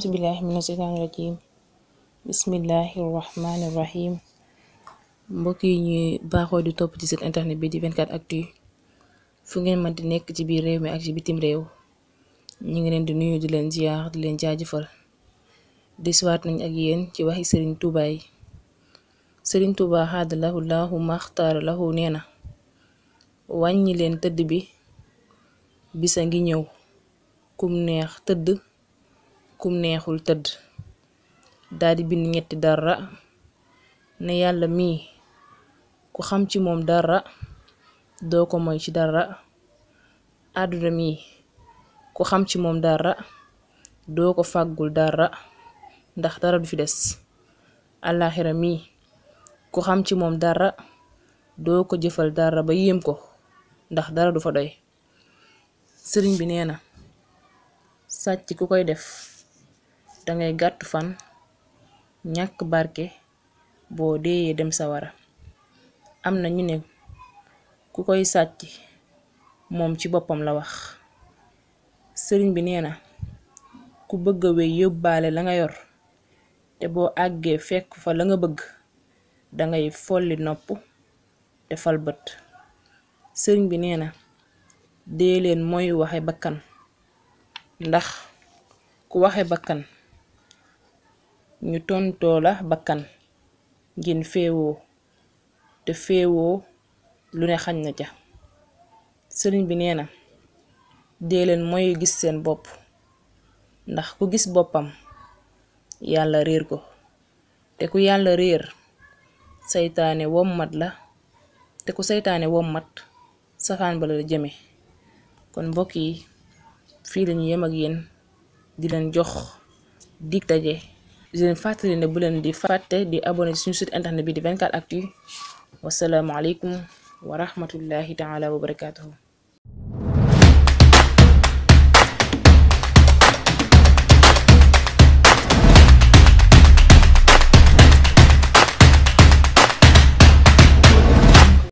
auzubillahi mina sheytaani rajim bismillahi rahmaani rahim mbokk yi ñuy baaxoo di topp ci site internet bi di 24 actu fu ngeen mën di nekk ci biir réew mi ak ci bitim réew ñu ngi leen di nuyu di leen ziar di leen jaajëfal disuwaat nañ ak yéen ci waxi sëriñ Tuuba yi sëriñ Tuuba xaada lahu laahu maxtaar lahu nee na wàññi leen tëdd bi bisa ngi ñëw kum neex tëdd kum neexul tëdd daldi bind ñetti dara ne yàlla mii ku xam ci moom dara doo ko moy ci dara àdduna mii ku xam ci moom dara doo ko fàggul dara ndax dara du fi des àllaaxira mii ku xam ci moom dara doo ko jëfal dara ba yéem ko ndax dara du fa doy sëriñ bi nee na sàcc ku koy def dangay gàtt fan ñàkk barke boo deeyee dem sawara am na ñu ne ku koy sàcc moom ci boppam la wax sëriñ bi nee na ku bëgga a yóbbaale la nga yor te boo àggee fekk fa la nga bëgg dangay folli nopp te fal bët sëriñ bi nee na dee leen mooy waxe bakkan ndax ku waxe bakkan ñu tontoo la bakkan ngeen féewoo te féewoo lu ne xañ na ca sëriñ bi nee na dee leen mooy gis seen bopp ndax ku gis boppam yàlla réer ko te ku yàlla réer saytaane wommat la te ku saytaane wommat safaan bala la jëme kon mbokk yi fii lañu yem ak yéen di leen jox dig daje di leen fàttali ne bu leen di fàtte di abonné ci suñu internet bi di 24actu wasalaamaaleykum wa rahmatullahi taala wa barakaatuhu